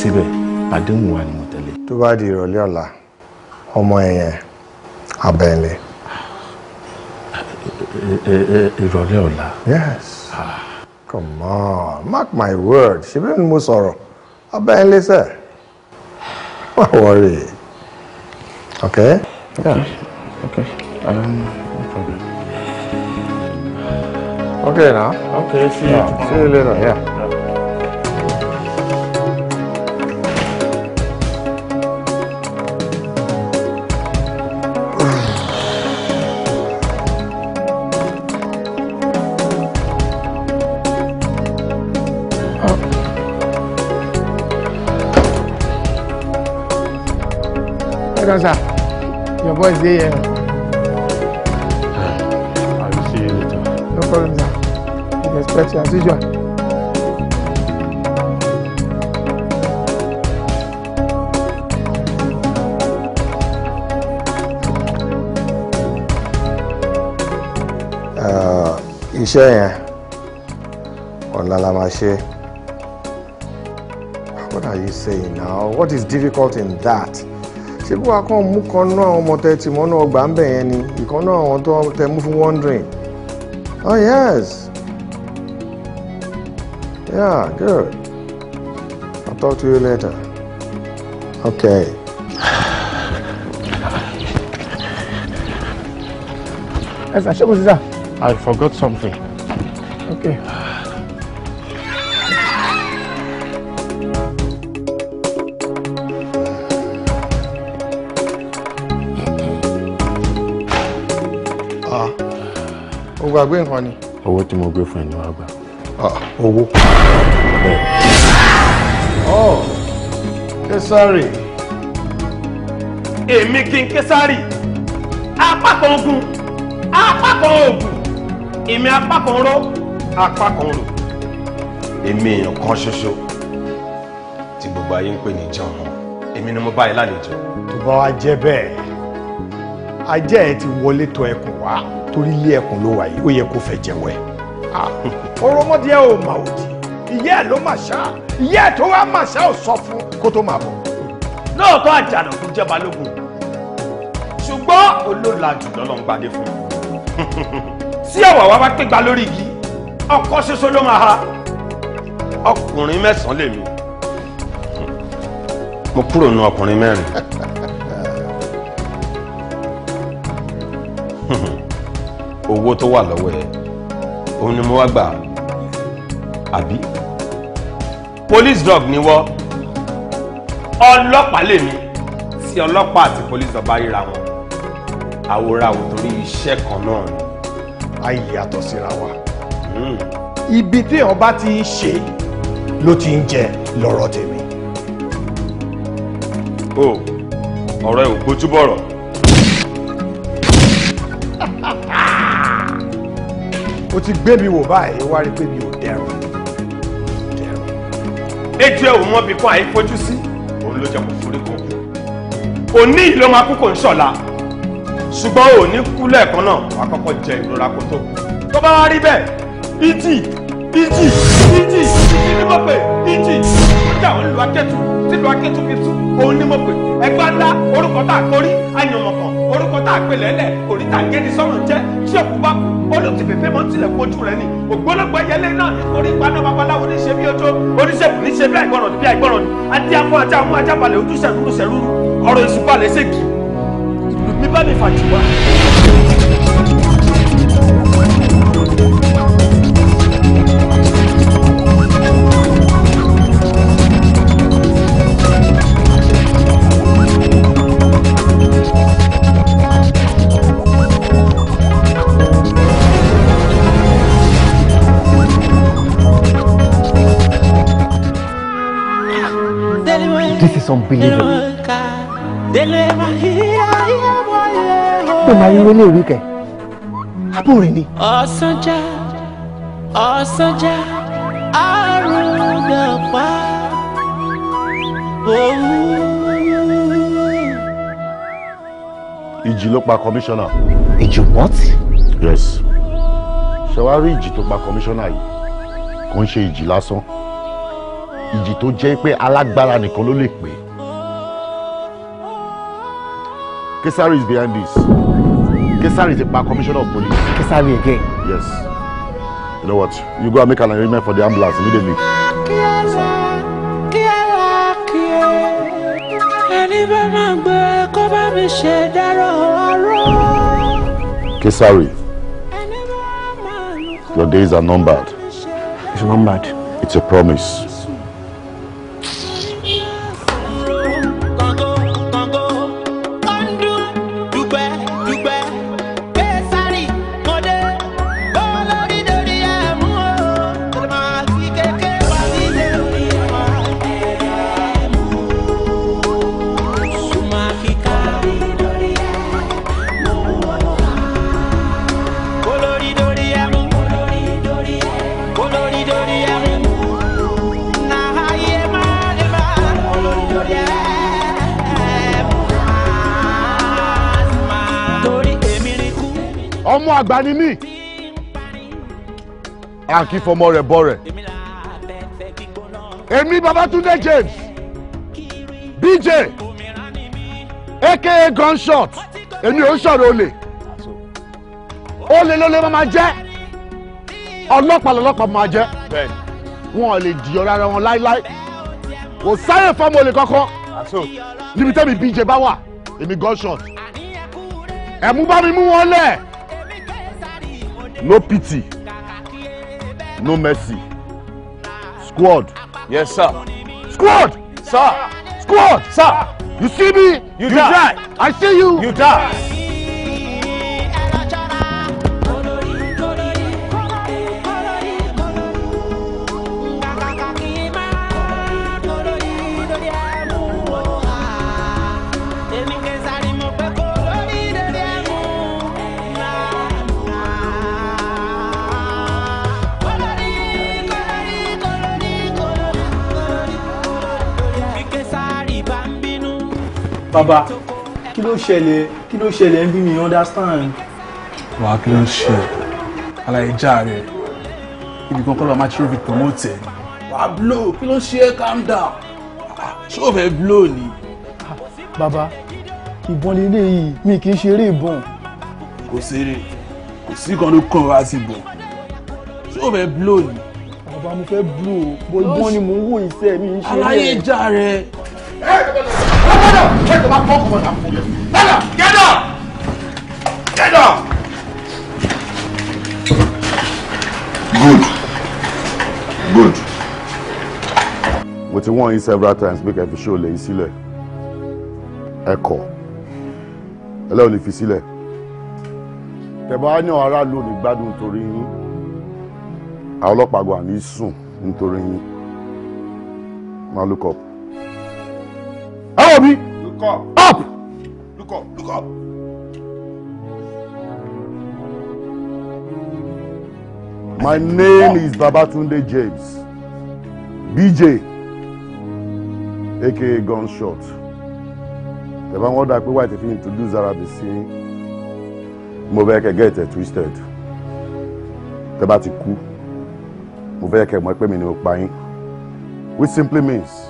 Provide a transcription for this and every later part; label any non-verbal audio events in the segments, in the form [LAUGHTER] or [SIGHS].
síbẹ̀ àdéhùn wa ni mo tẹ̀lé. tó bá di ìrọ̀lẹ́ ọ̀la ọmọ ẹ̀yẹn abẹ́lé. ìrọ̀lẹ́ ọ̀la. yes ah. come on mark my word ṣebí ni mo sọ̀rọ̀ abẹ́lé sẹ́ má wọrí ok. Yeah. okay. Um, no problem. Okay now. Okay, see you. Yeah. See you later. Yeah. Welcome, sir. Your boy is here. I'll see you later. No problem, sir. We respect you as usual. Uh, iṣẹ́ yẹn ọ̀la la máa ṣe what are you saying now what is difficult in that ṣé wa kàn mú kan náà àwọn ọmọ tẹ tí mọ́nú ọgbà ń bẹ̀ yẹn ni ìkan náà àwọn tó tẹ mú fún wondering oh yes yeah good I'll talk to you later okay. Yes, I forgot something. Okay. o gbàgbé nǹkan ni. owó tí mo gbé fún ẹ ni wàá gbà. owó. ọ kẹsàrì. èmi kí n kẹsàrì apákan ogun apákan oògùn èmi apákan rọ apákan rò èmi èèyàn kan ṣoṣo tí gbogbo ayé ń pè ní John èmi ni mo bá ẹ lálejò. tó bá wa jẹ́ bẹ́ẹ̀ ajá ẹ ti wọlé tọ̀ ẹkùn wá torí ilé ẹkùn ló wà yìí ó yẹ kó fẹ́ jẹ́wọ́ ẹ̀. Ah, [LAUGHS] ọ̀rọ̀ ọmọdé ò mà ò di ìyá ẹ̀ ló mà ṣá ìyá ẹ̀ tó wá mà ṣá ò sọ fún kó tó máa bọ̀. lóòótọ́ àjànà kò jẹ́ balógun ṣùgbọ́n olólàjù lọ́lọ́run gbàdé fún un. [LAUGHS] tí àwa wa bá pégbá lórí igi ọkọ ṣoṣo ló máa ha ọkùnrin mẹ́sàn-án lèmi [LAUGHS] mo kúrò nu ọkùnrin mẹ́rin. Hmm owó tó wà lọ́wọ́ ẹ̀ òun ni mo wá gbà àbí police dog ni wọ́ ọlọ́pàá lèmi tí ọlọ́pàá àti police dog bá ríra wọn àwòrán torí iṣẹ́ kan náà ni. a yàtọ̀ síra wa hmm. ibi téèyàn bá ti ń ṣe ló ti ń jẹ lọ́rọ̀ tèmi. o oh, ọ̀rọ̀ ẹ̀ ò gbójúbọ̀rọ̀. mo ti gbé mi wò báyìí wá rí pé mi ò dẹrùn dẹrùn. ètò ẹ̀ ò mọ bí kan àìfojú sí òun ló jẹ́ kó forí kan kú òní ìlú ọmọ akókò ń ṣọ̀la ṣùgbọ́n òní kú lẹ́ẹ̀kan náà wàá kọ́kọ́ jẹ ìrora kó tó tó bá wá rí bẹ́ẹ̀ ìjì ìjì ìjì ìjì ni mo pè ìjì ìjà òun lu akẹ́tù sílu akẹ́tù fi tú òun ni mo pè ẹgbẹ́ ńlá orúkọ tá a kọrí àyànmọ̀kàn orúkọ tá a pè lẹ́lẹ̀ òrìtà gẹ́ni sọ́run jẹ́ tí òkú bá kú olùtí pèpè mọ́ tilẹ̀ kojú rẹ ni ògbólógbò yẹlé náà nítorí paná babaláwo ní ṣe bí ojú oníṣègùn ní ṣe bí àìgbọràn bí àìgbọràn ni adé afọ ajá mú ajá balẹ̀ ojú sẹ̀rúrú sẹ̀rúrú ọ̀rọ̀ ìṣùpalẹ̀ ṣèkì ìlú mi bá mi fàjì wá. unbelievable. ó máa yíwé ní ìrí kẹ abó rẹ ni. ọ̀sánjá ọ̀sánjá àrùndàpá òwú. ìjì ló pa kọmíṣánná. ìjì what. yes ṣe wá rí ìjì tó pa kọmíṣánná yìí kò ń ṣe ìjì lásán ìjì tó jẹ́ pé alágbára nìkan ló lè pè é Kesari is behind this. Kesari is a commissioner of police. Kesari again? Yes. You know what? You go and make an arrangement for the ambulance immediately. Kesari, your days are numbered. It's numbered. It's a promise. àgbà ni mí à kì í fọmọ rẹ̀ bọ rẹ̀ èmi Babatunde James BJ aka gunshot èmi ò ń sọ̀rọ̀ olè olè lólè máa jẹ́ ọlọ́pàá lọ́lọ́pàá máa jẹ́ wọn ò lè dìyọ rárá wọn láéláé kò sáyè fọmọ olè kankan níbi tẹ́mi BJ bá wà èmi gunshot ẹ̀mú bá mi mú wọn lẹ̀ no pity no mercy squad. yes sir. squad. sir. squad. sir. you see me. you, you die. die. i see you. you die. Baba, kí ló ṣẹlẹ̀ kí ló ṣẹlẹ̀ ń bí mi understand. wàá kí ló ń ṣe àlàyé já rẹ ibi kan kọ́ máa ṣe fi promote ẹ̀. wàá blow kí ló ń ṣe calm down ṣé o fẹ́ blow ni. Baba, ìbọn lílé yìí mi kì í ṣeré ìbọn. kò ṣeré kò sí kan ló kàn wá sí ìbọn ṣé o fẹ́ blow ni. bàbá mo fẹ́ blow bọ́ ìbọn ni mò ń wò iṣẹ́ mi ń ṣe rẹ̀. já rẹ up! them out, come on, I'm full. Get up! Get up! Get up! Good. Good. Mo ti wọ́n yín several times Make kẹ́fì ṣó lè yín sílẹ̀. Ẹ̀kọ́. Ẹlẹ́wọ̀n lè fi sílẹ̀. Tẹ̀bá ní aráàlú ò ní gbádùn nítorí yín. Àwọn ọlọ́pàá àgbà ní sùn nítorí yín. Now look up. Àwọn Look up. Up! Look up, look up. My name is Babatunde James. BJ. AKA Gunshot. The man who died wáyé ti fi introduce Arabi sí mo fẹ́ kẹ́ get it twisted. Tẹ̀bá ti kú. Mo fẹ́ kẹ́ mọ̀ pé mi ni mo pa yín. Which simply means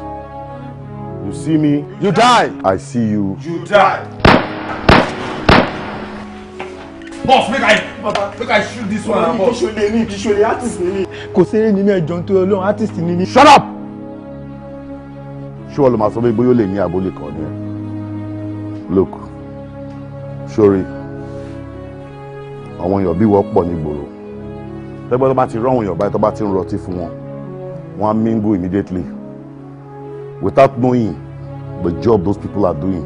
You see me. You die. I see you. You die. Boss, make I Baba, make I shoot this one. Kì í ṣòlè ni, kì í ṣòlè artist ni mi. Kò sẹ́rẹ́ ni mi ẹ̀jọ̀ nítorí Ọlọ́run artist ni mi. Shut up! Ṣé wọ́n lọ máa sọ pé bóyá ó lè ní àbólé ni? Look, sorry, àwọn èèyàn bí wọ́pọ̀ nígboro. Tẹ́gbọ́n tó bá ti rán àwọn èèyàn báyìí tó bá ti ń roti fún wọn, wọ́n á mingle immediately without knowing the job those people are doing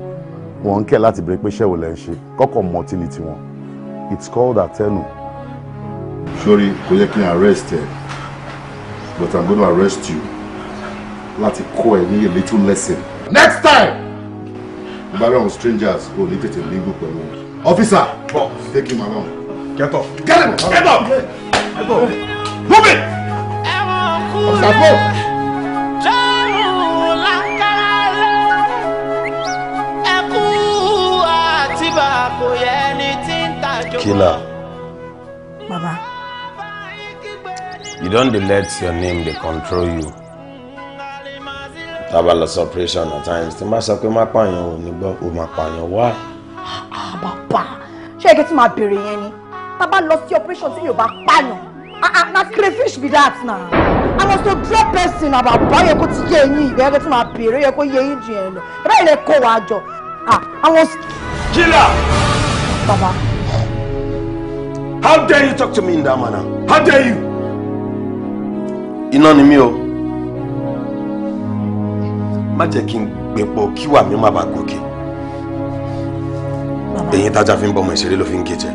wọn ń kẹ́ láti bẹ̀rẹ̀ pé ṣẹ́wò lẹ́ ń ṣe kọ́kọ́ mọtí ní tiwọn it's called àtẹnu. sori kò yẹ kí n arrest ẹ but i'm gonna arrest you láti kọ́ ẹ ní a little lesson. next time mo bá rí àwọn strangers kò ní tètè mingle pẹ̀lú wọn. officer boss take him along. get up get him get up get up move it. officer go. Killer. Baba. You don't dey let your name They control you. Tábà lọ sí operation at times. Tí n bá sọ pé má pààyàn ò ní gbọ́, ò máa pààyàn wá. Ah, ah, bàbá ṣé ẹ̀kẹ́ tí màá bèrè yẹn ni? Tábà lọ sí operation tí mi bá pààyàn. Ah, na crayfish be that na. I was sọ drop person na bàbá yẹ kó ti yé eyín ìgbà ẹ̀kẹ́ tí màá bèrè yẹ kó yé eyín jù yẹn lọ. Bẹ́ẹ̀ ni kò wá jọ. Àwọn. Killer. Baba. How dare you talk to me in that manner? How dare you? Iná ni mí o. Má jẹ́ kí n gbẹ̀pọ̀ kí wà mí má bàa gòkè. Ẹ̀yin tájà fi ń bọ́mọ ìṣeré ló fi ń gé jẹ.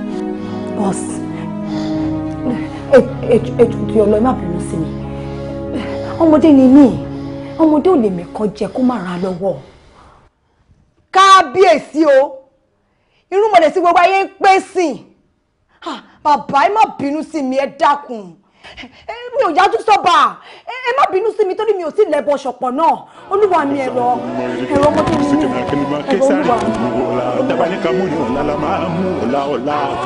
Boss, ẹjọ́ di ọlọ́ ẹ má bínú sí mi. Ọmọdé ni mí, ọmọdé ò lè mẹ́kọ́ jẹ kó má ra lọ́wọ́. Kábíyèsí o irúnmọ̀lẹ̀ sí gbogbo ayé ń pè sí bàbá ẹ má bínú sí mi ẹ dákun mi ò yájú sọ́ba ẹ má bínú sí mi torí mi ò tí lẹ́bọ̀ ṣọ̀pọ̀ náà olúwa mi ẹ̀rọ ẹ̀rọ ọmọ tó ní mi ẹ̀rọ olúwa mi.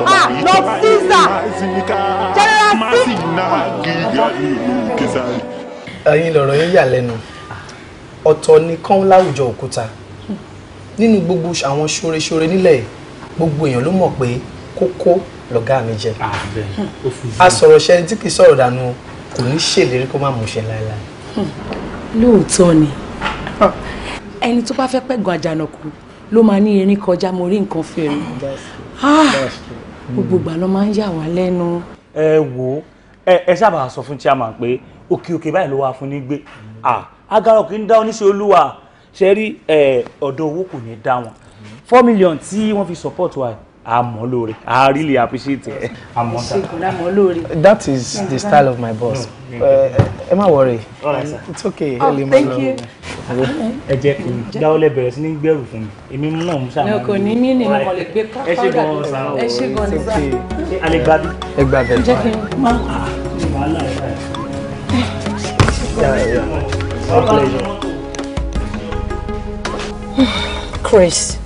ah lord caesar general caesar. ẹ̀yin lọ̀rọ̀ yín yà lẹ́nu ọ̀tọ̀ nìkan láwùjọ òkúta nínú gbogbo àwọn ṣoreṣore nílẹ̀ yìí gbogbo èèyàn ló mọ̀ pé kókó lọ̀gá mi jẹ ah, a sọ̀rọ̀ ṣẹni tí kì í sọ̀rọ̀ dànù kò ní ṣèlérí kó má mú ṣe láéláé. Hmm. lóòótọ́ ni ẹni tó bá fẹ́ pẹ̀gàn àjànàkú ló máa ní erin kọjá mo rí nǹkan fèrè ah! gbogbo ìgbà ló máa ń yà wá lẹ́nu. ẹ wo ẹ sábà sọ fún chairman pé òkè òkè báyìí ló wà fún ní gbé ah, agaro kì í dá oníṣẹ́ olúwa ṣe rí ọ̀dọ̀ owó kò ní dá wọn four million tí wọ́n fi support wa àmọ́ lóore I really appreciate it. àmọ́ lóore. that is the style of my boss ẹ má worry it's okay ẹ lè má lọ. ẹ jẹ́ kí dáwọ́lẹ̀ bẹ̀rẹ̀ sí ní gbẹ̀rù fún mi èmi náà mú sàmì. ọkọ ní ní ní ọmọ lè gbé pápá ẹ ṣe gan ọ sàn ọ ẹ ṣe gan ní gbà. a lè gbà bí. ẹ gbà bẹ́ẹ̀. jẹ́ kí n má. wàhálà ẹ̀ ṣáà. Chris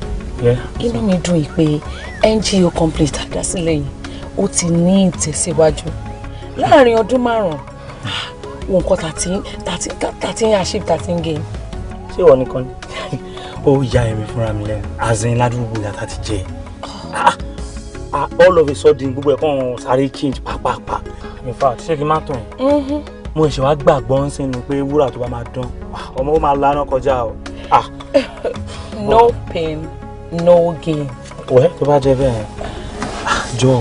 inú mi dùn yìí pé NGO complex àdásílẹ̀ yìí ó ti ní ìtẹ̀síwájú láàrin ọdún márùn-ún wọn kọ tàti ń achieve tàti ń gain. ṣé ìwọ nìkan ni ó ya ẹ̀mí fúnra mi lẹ́nu azin ládùúgbò yàtà ti jẹ ah, ah, all of a sudden gbogbo ẹ̀ kàn sáré change pàápàá in fact ṣé kí n má tàn yín mm-hmm. mo ṣe wá gbàgbọ́ ń sìn ni pé wúrà tó bá máa dán ah, ọmọ ó máa lánà kọjá o. [LAUGHS] no pain no gain. wẹ́ To buy jẹ́ bẹ́ẹ̀ jọ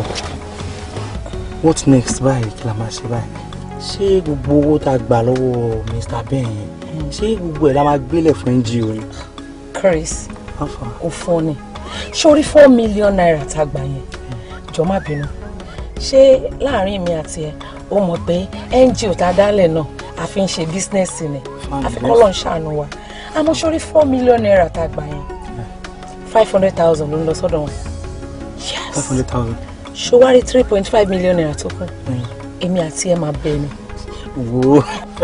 what next báyìí kí la máa ṣe báyìí ṣé gbogbo owó tá a gbà lọ́wọ́ Mr. Ben yẹn ṣé gbogbo ẹ̀ la máa gbélé fún NGO ni. Chris o fún ni sórí four million naira tá a gbà yẹn jọ má bínú ṣé láàrin mi àti ẹ o mọ̀ pé NGO tá a dálẹ̀ náà a fi ń ṣe bísínẹ́sì ni àfikún lọ́n ṣàánú wa àmọ́ sórí four million naira tá a gbà yẹn five hundred thousand ló ń lọ sọ́dọ̀ wọn. yes five hundred thousand. ṣòwárí three point five million naira tó kù hmm. èmi àti ẹ máa bẹ ni. wo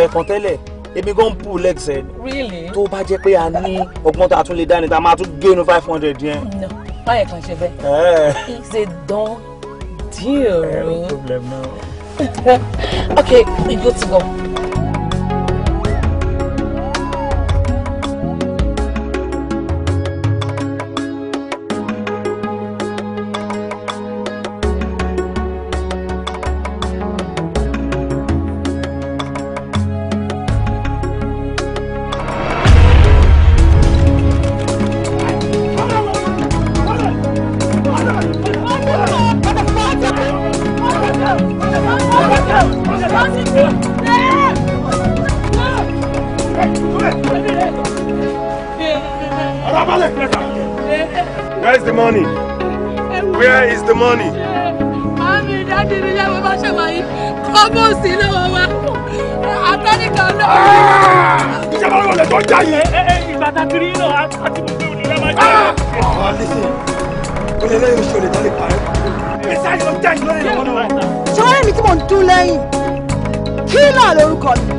ẹ̀kan tẹ́lẹ̀ èmi gan pu legs ẹ really. tó bá jẹ́ pé a ní ọgbọ́n tá a tún lè dá ni tá a máa tún gé five hundred yẹn. no báyẹn kan ṣe bẹ́ẹ̀. Eh. it's a done deal. Eh, no problem now. [LAUGHS] okay we go to go. Where is the money? Mami, dádì mi yẹ́ mo bá ṣe wáyé. Kọ́bọ̀sì lọ́wọ́ wa. Àtẹ́nìkan náà. Ah! Ṣé bá wọlé tó já yẹn? Ẹ eh, ẹ eh, ìgbà tá a ti rí náà, a ti mú pé òní rẹ̀ máa jẹ́. Ọ̀hún lísìn, o lè lẹ́yìn oṣù olèdá lè parí. Ìṣe àìsàn ló jáde lórí ìlú náà. Ṣọ́ọ́rẹ́ mi tí mò ń dún lẹ́yìn, kílà lórúkọ mi.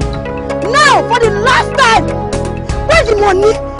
Now for the last time, where the money?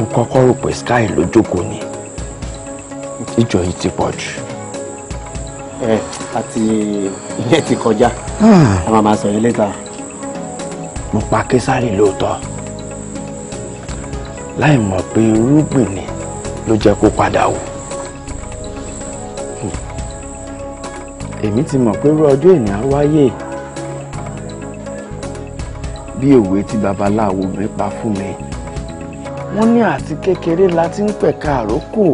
mo kọ́kọ́ rò pé sky ló jókòó ni ìjọ yìí ti pọ̀ jù. ẹ àti ìyẹn ti kọjá ah. a máa máa sọ yẹn lẹ́ta. mo pa késàrì lóòótọ́ láì mọ̀ pé irúgbìn ni ló jẹ́ kó padà wò. èmi ti mọ̀ pé irú ọjọ́ ènìyàn wáyé bí òwe tí babaláwo mi pa fún mi wọ́n ní àti kékeré la ti ń pẹ̀ka àrókò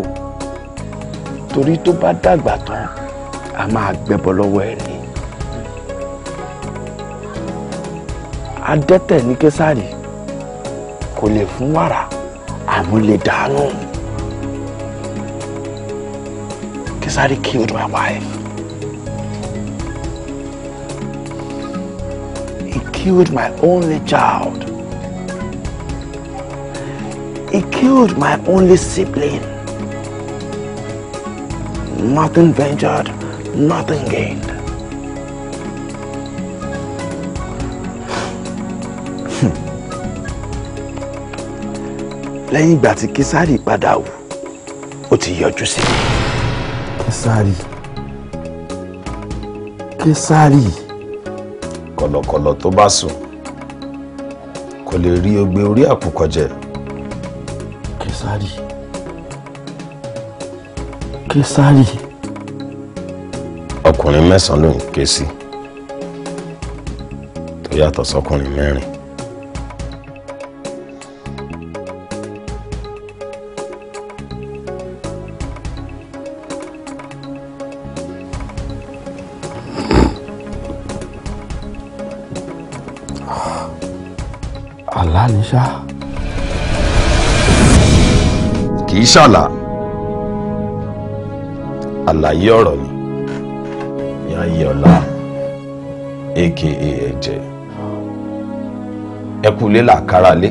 torí tó bá dàgbà tán a máa gbẹbọ lọ́wọ́ ẹ̀ rí adẹ́tẹ̀ ní késàrì kò lè fún wàrà àmọ́ lè dànù késàrì killed my wife he killed my only child. He killed my only sibling. Nothing ventured, nothing gained. lẹ́yìn ìgbà tí Kísárì padà wù ó ti yọjú sí mi. Kísárì Kísárì. kọ̀lọ̀kọ̀lọ̀ tó bá sùn kò lè rí ogbe orí àkùkọ kẹsàrì kẹsàrì. ọkùnrin mẹ́sàn-án ló ń ké sí tó yàtọ̀ sọkùnrin mẹ́rin. ṣàlà àlàyé ọ̀rọ̀ ni Yányẹọlá aka ẹ̀jẹ̀ ẹkú lé làkàrà lé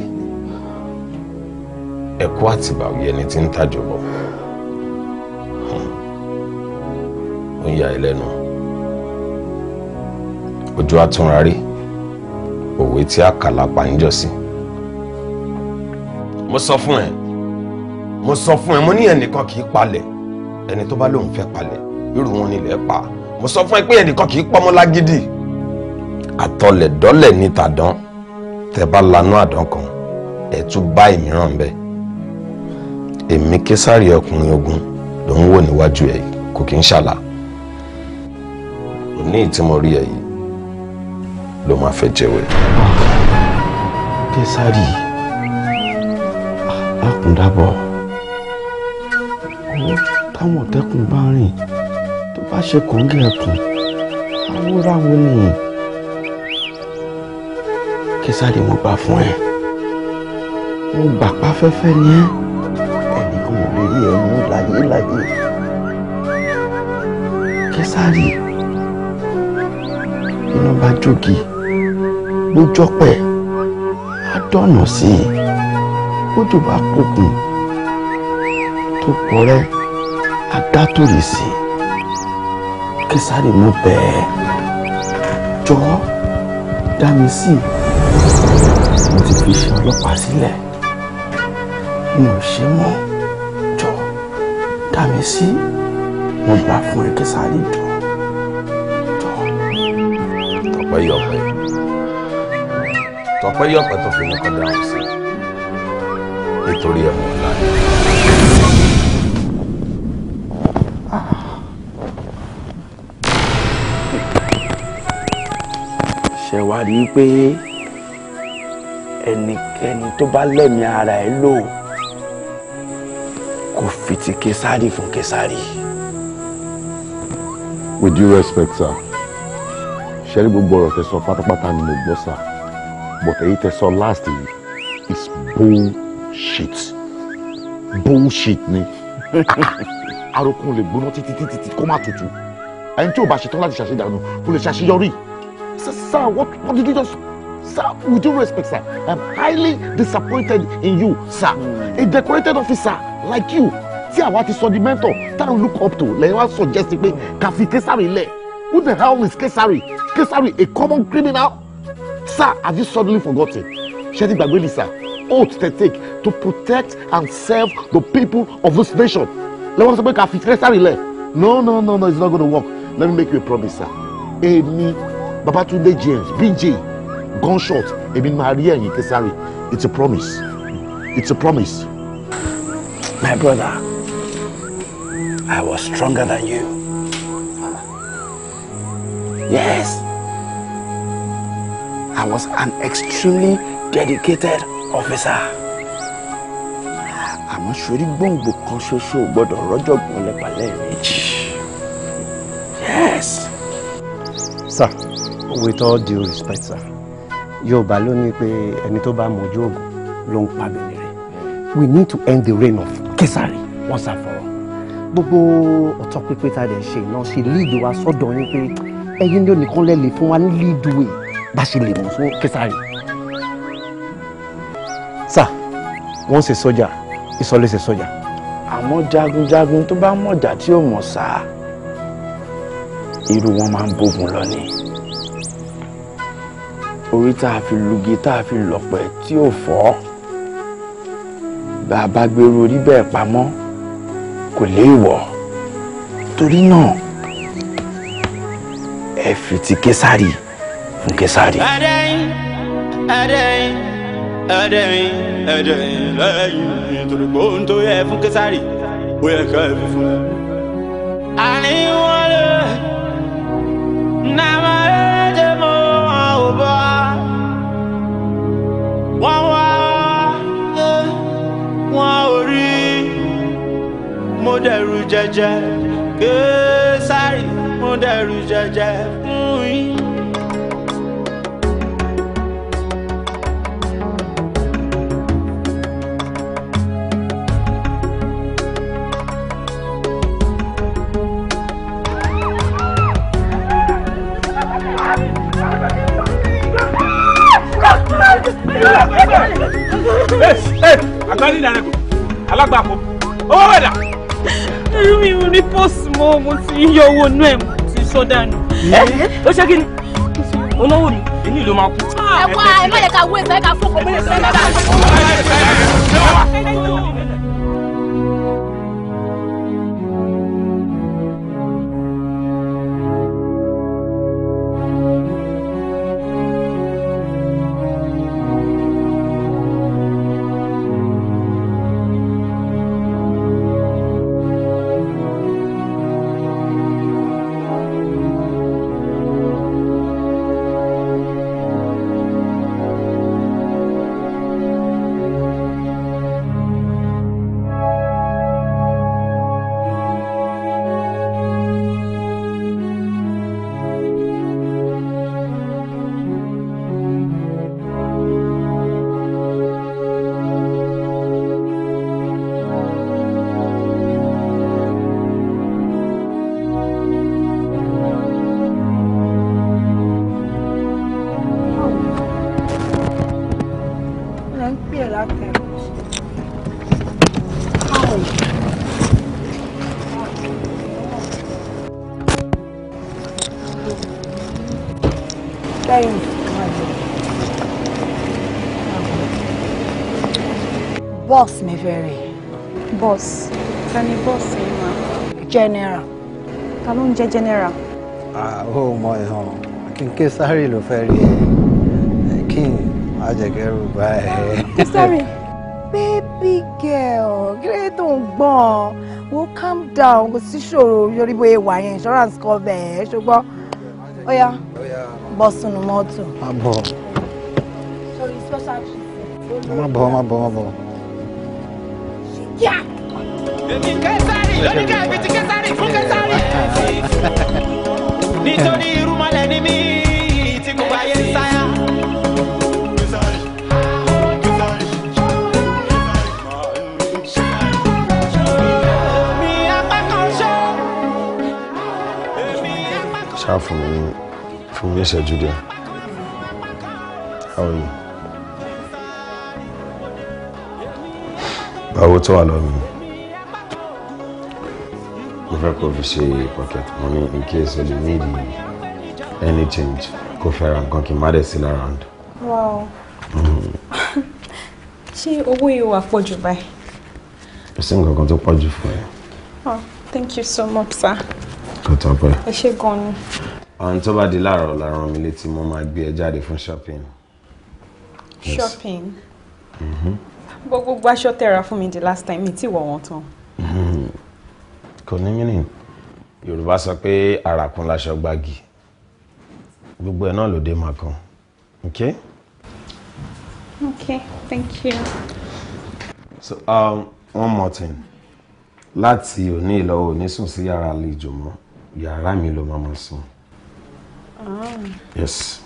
ẹkú àtìbà òye ẹni tí ń tàjọ bọ̀ ó ń ya ẹ lẹ́nu ojú àtúnra òwe tí àkàlà pa ń jọ sí mo sọ fún ẹ mo sọ fún ẹ mo ní ẹnìkan kì í palẹ̀ ẹni tó bá lóun fẹ́ palẹ̀ irú wọn nílẹ̀ pa mo sọ fún ẹ pé ẹnìkan kì í pọ́nmọ́ lágídì àtọlẹ̀dọ́lẹ̀ ní tàdán tẹ bá lanú àdán kan ẹ tún bá ìmíràn bẹ èmi késàrí ọkùnrin ogun ló ń wò níwájú ẹ kò kí ń ṣàlà òní ìtìmọ̀ rí ẹ yìí ló máa fẹ́ jẹ́wẹ́. késàrí àkùndàbọ̀. Ah, táwọn ọ̀tẹ́kùn bá rìn tó bá ṣe kòńgẹ́ ẹkùn awúráwo nìyí kẹsàrè mo gbà fún ẹ mo gbà páfẹ́fẹ́ ni ẹ ẹnìkan ò lè rí ẹ mú láyé láyé kẹsàrè iná bá jógi lójọpẹ á dọ̀nà sí i bójú bá pokùn tó pọ̀rẹ́ adátòrè sí kẹsàrè mo bẹ̀ ẹ́ jọ dá mi sí mo ti fi ṣe ọlọ́pàá sílẹ̀ mi ò ṣe mọ́ jọ dá mi sí mo gbà fún ẹ kẹsàrè jọ jọ. tọpẹ́ yọpẹ́ tọpẹ́ yọpẹ́ tó fi mi kọjá ọ̀sẹ̀ nítorí ẹ̀mọ́. ṣẹ̀ṣẹ̀ wá rí pé ẹnikẹ́ni tó bá lẹ́mí ara ẹ̀ lò kò fi ti Kesari fún Kesari. with due respect sir ṣe rí gbogbo ọ̀rọ̀ tẹ sọ pátápátá ni mo gbọ́ sir but èyí tẹ sọ last yìí is bullshit bullshit ni àròkùn [LAUGHS] lè gbóná títí títí kó má tutù ẹni tí ò bá ṣetán láti ṣàṣedànù kó lè ṣàṣeyọrí sir, sir, what, what did you just sir with due respect sir I'm highly disappointed in you sir a decorated officer like you tí what is sọ di mentor tá à look up to lẹ́yìn wá suggest pé ká fi Kesari lẹ̀ who the hell is Kesari Kesari a common criminal sir have you suddenly forgotten ṣé ti sir oath they take to protect and serve the people of this nation lẹ́wọ́n sọ pé ká fi Kesari lẹ̀ no no no no it's not going to work let me make you a promise sir èmi. Babatunde James BJ gunshot èmi máa rí ẹ̀yìn Kesari it's a promise it's a promise. My brother I was stronger than you yes I was an extremely dedicated officer àmọ́ sori gbòǹgbò kan ṣoṣo gbọ́dọ̀ rọ́jọ̀gbọ́n lẹ́pàá lẹ́ẹ̀mejì yes. sir with all due respect sir yorùbá ló ní pé ẹni tó bá mojú oògùn ló ń pa bẹ̀rẹ̀ we need to end the reign of Kesari once and for all gbogbo ọ̀tọ́ pípé tá a dẹ̀ ṣe iná ṣe líìdì wa sọ́dọ̀ yín pé ẹ̀yin ló nìkan lẹ́ lè fún wa ní líìdì wẹ̀ bá ṣe lè mú fún Kesari. sir once a soldier is always a soldier. àmọ́ jagunjagun tó bá mọ̀jà tí ò mọ̀ sáà irú wọn máa ń bógun lọ ni orí tá a fi lugi tá a fi lọ̀pẹ̀ tí ò fọ́ bá gbèrú orí bẹ́ẹ̀ pamọ́ kò léèwọ̀ torí náà ẹ fi ti késàrì fún késàrì. ẹdẹyìn ẹdẹyìn ẹdẹyìn ẹdẹyìn lẹyìn nítorí gbóhùn tó yẹ fún késàrì ó yẹ ká ẹ fún ẹ. àníwọ̀n lè nàmá. wọ́n wá wọ́n ò rí mo dẹ̀rù jẹjẹ gbé sáré mo dẹ̀rù jẹjẹ. agbani nana ko alagba ko owó wẹ̀dà. irú mi ò ní pọ́ọ̀sì mọ́ mo ti ń yọ owó inú ẹ̀ mo ti sọ dànù. ó ṣe kí ni olówó ni èyí ló máa kú. ẹ wá ẹ má yẹ ká wé ẹ fún ọkọ mi Me fẹ́ boss Can you boss yìí ma. general. ta ló ń jẹ́ general. ó mọ ìhàn kínkín sáré ló fẹ́ rí ẹ kí n má jẹ kẹrù bá ẹ. baby girl kí ló dé We'll ń gbọ́n wo calm down kò sí ṣòro yorí bóyá wà yẹn insurance cover ẹ̀ ṣùgbọ́n ó yá bọ́ sínú mọ́tò. má bọ̀ má bọ̀ má bọ̀ má bọ̀ èmi for me. For me, sir, Julia. How are you? Báwo tó wà you kò fẹ́ kó pocket money in case you need any change kò fẹ́ ra nǹkan kí n má dẹ̀ wow mm. ṣé owó yìí wà pọ̀ jù báyìí. kò sí nǹkan kan tó pọ̀ jù fún ẹ. oh thank you so much sir. kò tó pẹ́. ẹ ṣe gan-an ni. àwọn tó bá di láàárọ̀ làrán mi létí mo máa gbé ẹ jáde fún shopping. shopping. Mm -hmm. gbogbo aṣọ tẹ́ra fún mi the last time mi ti wọ̀ wọ́n tán. Mm-hmm kò ní mínì yorùbá sọ pé àràkùn láṣọ gbági gbogbo ẹ̀ náà ló dé máa kan ok. ok thank you. so um, one more thing láti òní ìlọ́wọ́ òní sùn sí yàrá àlejò mọ́ yàrá mi ló máa máa sùn. Ah. yes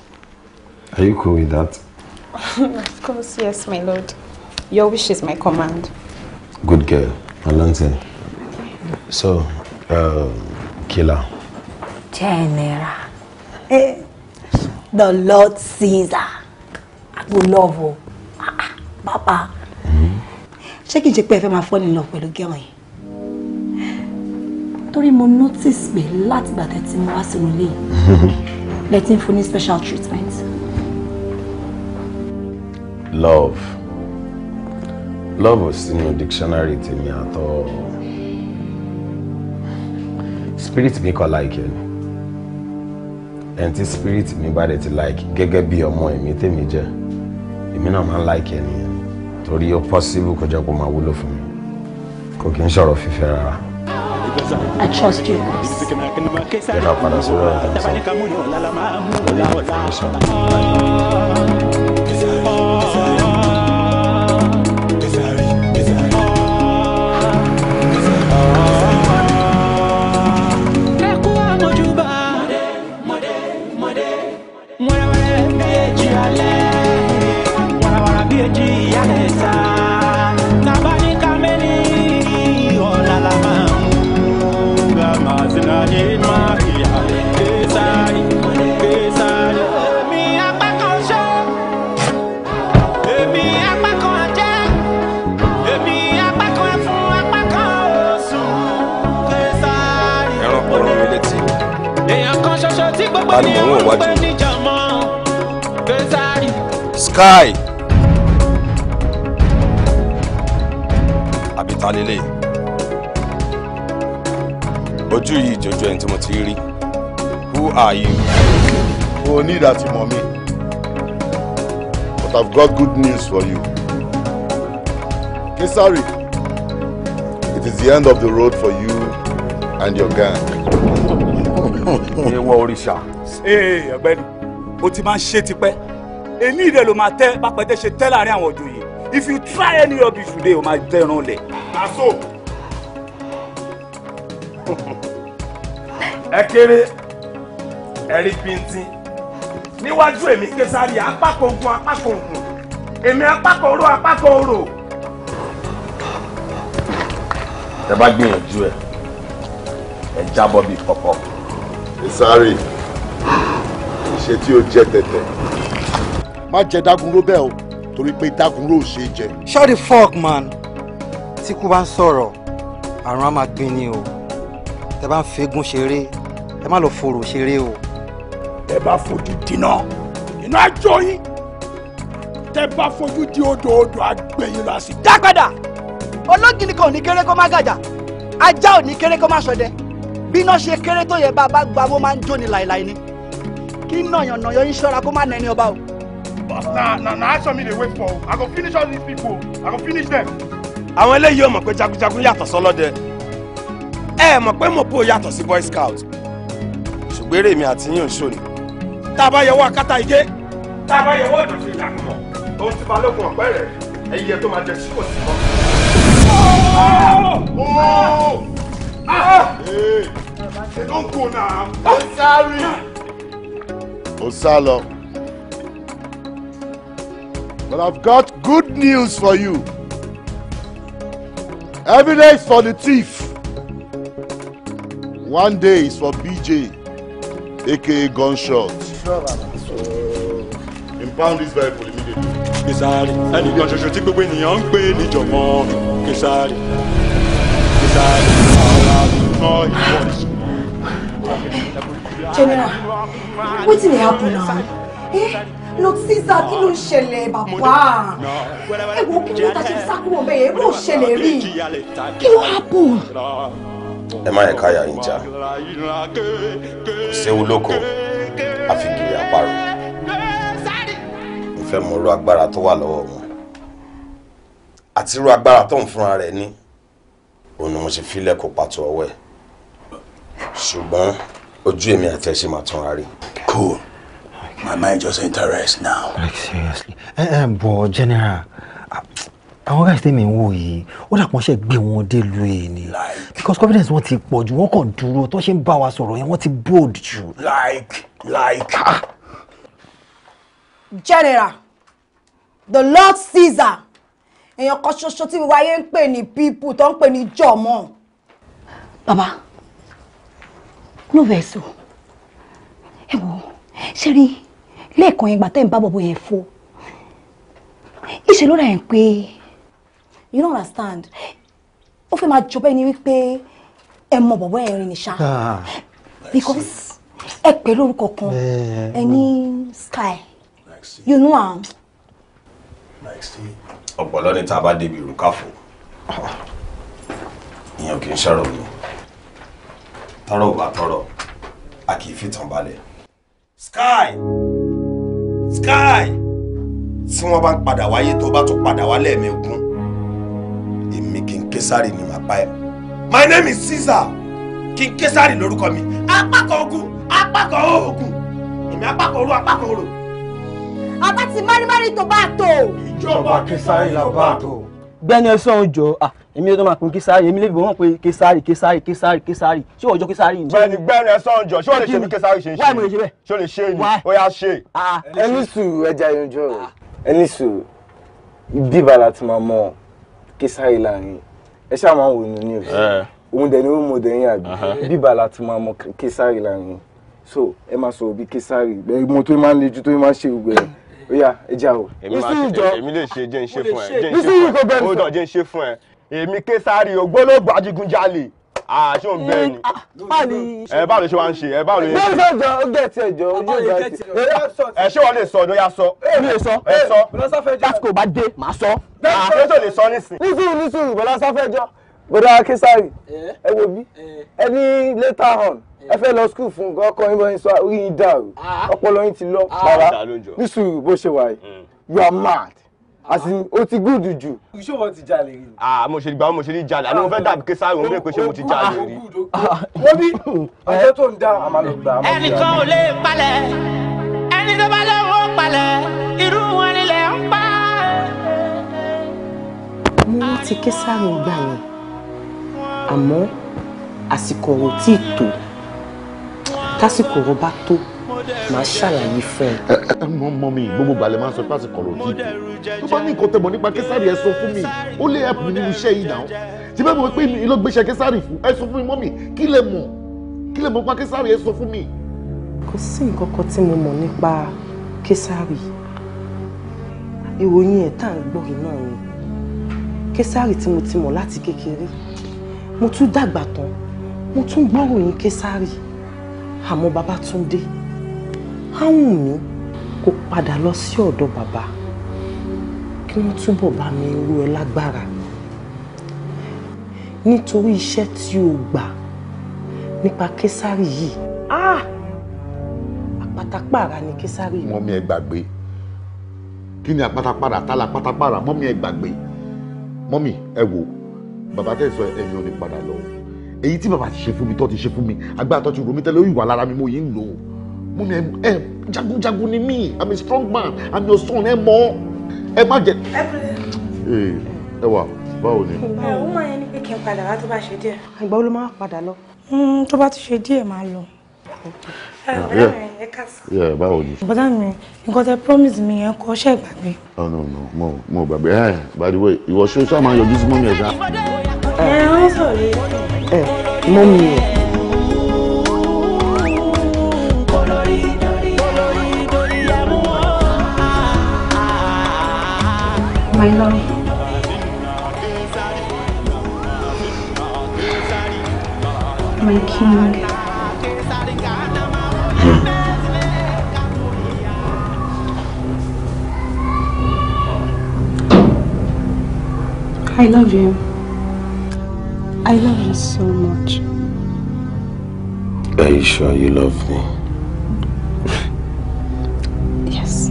are you cool with that. [LAUGHS] of course yes my lord your wish is my command. good girl malante. So, uh, Kila. General. Eh, the Lord Caesar. I go love you, ah, ah, Papa. Ṣé kìí ṣe pé ẹ fẹ́ máa fọ́ nínú pẹ̀lú gẹ́wọ̀n yìí? mo notice me. láti ìgbà tẹ́ ti mú wá sínú ilé yìí, [LAUGHS] lẹ ti special treatment. Love. Love was in sínú dictionary to me at all spirit mi kàn láìkẹ́ ẹni tí spirit mi bá dẹ̀ ti like gẹ́gẹ́ bí ọmọ èmi tèmi jẹ́ èmi náà máa like ẹni yẹn torí ó possible kó kó máa wúlò fún mi kò kí n sọ̀rọ̀ fífẹ́ rárá. I trust you. Yẹ́n náà padà sí ọ̀rọ̀ ìtàn sọ. Lórí ìfẹ́ ni mò ń wọ̀ wájú. sky àbí ta lélẹ̀ ojú yìí jọjọ ẹni tí mo ti rí who are you. o need that, tí mi but I've got good news for you. Kesari, it is the end of the road for you and your gang. Ewa Orisha ee ọ̀gbẹ́ni o ti máa ń ṣe tipẹ́ èmi ìdẹ ló máa tẹ bápẹtẹ ṣe tẹ láàrin àwọn òjòyè if you try any of this today o máa dẹran lẹ. àṣọ ẹ kéré ẹ̀rí pintin níwájú èmi késàrí apákòókun apákòókun èmi apákòóró apákòóró. ẹ bá gbìyànjú ẹ ẹ jábọ́ bíi kọ̀kọ̀. késàrí ṣe tí ó jẹ tẹ̀tẹ̀. má jẹ dágunró bẹ́ẹ̀ o torí pé dágunró ò ṣe jẹ. shut the fuck man tí kú bá ń sọ̀rọ̀ àrùn á máa gbin ni o tẹ bá ń fegun ṣeré ẹ má lọ fòrò ṣeré o. tẹ bá fojú dínà iná àjọ yín tẹ bá fojú di odò odò àgbẹ̀yìn lọ sí. dápadà ológìnní kan ò ní kéré kó má gàjà ajá ò ní kéré kó má ṣọdẹ bí iná ṣe kéré tó yẹ bá a bá gbà wọ́n máa ń jó ni láìláì ni kí nàyànnàyàn yín ṣọ́ra kó má nẹni ọba o. na na na action mi dey wait for o i go finish all these people i go finish them. àwọn eléyìí ò mọ̀ pé jagunjagun yàtọ̀ sọlọ́dẹ ẹ mọ̀ pé mopo yàtọ̀ sí boy scout ṣùgbọ́n èrè mi àti yín ò ń ṣòro tá a bá yẹwọ́ akátá igé tá a bá yẹwọ́ ọ̀dọ̀ sí ìdàkùnmọ̀ òun ti balógun ọ̀pẹ́ rẹ̀ ẹyẹ tó máa jẹ síkò sí mọ́. ṣe oh! oh! ah! eh! ló ń kó náà. sorry. Osalo, But I've got good news for you. Evidence for the thief. One day is for BJ, aka Gunshot. Impound this vehicle immediately. Kìsàrì ẹnìkan ṣoṣo tí gbogbo ènìyàn ń pè ní jọ̀mọ́ Kìsàrì Kìsàrì àwọn àlùmọ́ ìwọ̀n general wetin dey happen now eh lord caesar kí ló ń ṣẹlẹ̀ bàbá ẹ wo kí ló ta ṣe sá kúrò bẹ́ẹ̀ ẹ wọ́n ṣẹlẹ̀ rí kí ló happen. ẹ má yẹ káyà yín já kò séwu lóko àfi gírí àparò mo fẹ́ mọ irú agbára tó wà lọ́wọ́ wọn àti irú agbára tó ń fúnra rẹ̀ ní òun ni mo ṣe fílẹ̀ kó pàtó ọwọ́ ẹ̀ ṣùgbọ́n ojú èmi àti ẹ ṣe máa tún ra rí. cool my mind just interest now. like seriously ẹ ẹ bọ general àwọn guys tèmi ń wò yìí ó dà ṣe gbé wọn dé lu èyí ni because confidence wọn ti pọ̀ jù wọ́n kàn dúró tó ṣe ń bá wa sọ̀rọ̀ yẹn wọ́n ti bold jù. like like. Ah. general the lord caesar èèyàn kan ṣoṣo tí wáyé ń pè ní people tó ń pè ní jọmọ. bàbá no vessel ẹ wo ṣe rí lẹ́ẹ̀kan ìgbà tẹ́ ń bá bọ̀bọ̀ yẹn fo ìṣe ló rà yẹn pé you don't understand ó fẹ́ máa jọ bẹ́ẹ̀ ni wípé ẹ mọ bọ̀bọ̀ yẹn rìn ní ṣá ah, because ẹ pè lórúkọ kan ẹ ní sky you know am. ọ̀pọ̀lọ́ ni tá a bá débi ìrùkàfọ̀ ìyẹn kì í ṣàròyìn tọrọ ò bá tọrọ a kì í fìtàn balẹ̀. sky sky tí wọ́n bá ń padà wáyé tó bá tún padà wá lẹ́ẹ̀mẹ́gún èmi kì í késàrì ni màá pa ẹ́ my name is caesar kì í késàrì lórúkọ mi apákan ogun apákan oògùn èmi apákan oró apákan oró. àbá ti márímárí tó bá tó. ìjọba késàrì la bá tó. gbẹ́ni ẹ sọ̀rọ̀ jọ ah, èmi tó máa pín Kesari èmi lébi wọn pé Kesari Kesari Kesari Kesari ṣé ọjọ́ Kesari ni. bẹ́ẹ̀ni bẹ́ẹ̀ni ẹsán ọjọ́ ṣé o lè ṣe bí Kesari ṣe ń ṣe wáì mo lè ṣe bẹ́ẹ̀ ṣé o lè ṣe ni ó yá ṣe. Ah, ah. ẹni sùúrù ẹja ìrìnjọ rẹ ẹni sùúrù bíbá láti máa mọ Kesari láàrin ẹ ṣáà máa ń wò ní news eh. òun dẹ̀ ni ó mọ dẹ̀yìn àbí bíbá láti máa mọ Kesari láàrin so ẹ máa sọ bí Kesari mo tó máa ń lejú tó máa ń ṣe gbẹ ó yá ẹ já o. èmi lè ṣe jẹ́ ń ṣe fún ẹ jẹ́ ń ṣe fún ẹ èmi késàrì ògbólógbò ajigunjalè àṣọ bẹ́ẹ̀ ni ah, ẹ báwo ló ṣe wá ń ṣe ẹ báwo ló ṣe. bẹ́ẹ̀ sọjọ ó gẹ ti ẹjọ ó yóò gẹ ti ẹ ṣé wọn lè sọ ọdún ya sọ. èmi lè sọ ẹ sọ lásìkò bá dé màá sọ. àṣetò ah, lè sọ nísìn. nísìnyí nísìnyí bọ́lá sáfẹ́jọ́ bọ́dá késàrì eh? ẹ wo bí eh. ẹ ní later on eh. ẹ fẹ́ lọ skul fún nǹkan ọkọ yín bọ́ yín sọ orí yín dàrú ah. ọpọlọ yín ti lọ bàbá nísìnyí bó ṣe wà yìí mm. you are mad. Asi o ti gúdù jù. iṣẹ́ wọn ti jalè rí. àà mo ṣe gbà mo ṣe ní jalè àní mo fẹ́ dàbí ké sáré òun bẹ́ẹ̀ pé ṣé mo ti jalè rí. Ah, wọ́n bí ọjọ́ tó ń dá àmàlùgbà. ẹnìkan ò lè palẹ̀ ẹni tó bá lọ́wọ́ palẹ̀ irú wọn nílẹ̀ ń pa. mo rántí ké sáré ọgbà yẹn àmọ́ àsìkò ọ̀rọ̀ tí ì tó tásìkò ọ̀rọ̀ tó màá ṣàlàyé fún ẹ. ẹ mọ mọ mi gbogbo gbalẹ̀ máa ń sọ pé àsìkò ọ̀rọ̀ òjì tó bá ní nǹkan tẹ̀mọ̀ nípa kẹsàrì ẹ sọ fún mi ó lè ẹ̀pù nínú iṣẹ́ yìí náà tí bẹ́ẹ̀ mọ̀ pé mi ló gbéṣẹ́ kẹsàrì fún ẹ sọ fún mi mọ́ mi kí lẹ mọ̀ kí lẹ mọ̀ pa kẹsàrì ẹ sọ fún mi. kò sí nǹkan kan tí mo mọ̀ nípa kẹsàrì ìròyìn ẹ̀ tá à ń gbọ́ yìí náà ni kẹsàrì tí mo ti mọ̀ láti kékeré mo tún dàgbà tán mo tún gbọ́ kẹsàrì àmọ́ Babátúndé wá wù mí kó padà lọ sí ọ̀dọ̀ bàbá kí wọ́n túbọ̀ bá mi rú ẹ lágbára nítorí iṣẹ́ tí o gbà nípa késàrì yìí ah! àpátápàrà ni késàrì. mọ́mí ẹ gbàgbé kí ni àpátápàrà tálà àpátápàrà mọ́mí ẹ gbàgbé mọ́mí ẹ wò bàbá tẹ̀ sọ ẹ̀yìn ò ní padà lọ èyí tí bàbá ti ṣe fún mi tó ti ṣe fún mi agbára tó ti rò mí tẹ́lẹ̀ ó yìí wà lára mi mo yìí ń lò ó mo ní ẹ eh, jagunjagun ni mí i'm a strong man i'm your son ẹ mọ ẹ má jẹ. Eh, ẹ wà báwo ni. ẹ ó máa yẹn ni pé kí n padà wá tó bá ṣe díẹ̀. ìgbà wo ló máa padà lọ. Hmm, tó bá ti ṣe díẹ̀ máa lọ. ẹ ah, eh, báwo ni. bọ́dá mi nǹkan tẹ promise mi yẹn kọ́ ṣe gbàgbé. oh no no mo mo gbàgbé ẹ by the way ìwọ ṣe sọ máa yọjú sí mọ́mí ẹ̀ ṣá. ẹ ń sọ̀rọ̀ ẹ mọ́mí ẹ̀. my love. My king. I love you. I love you so much. Are you sure you love me? Yes.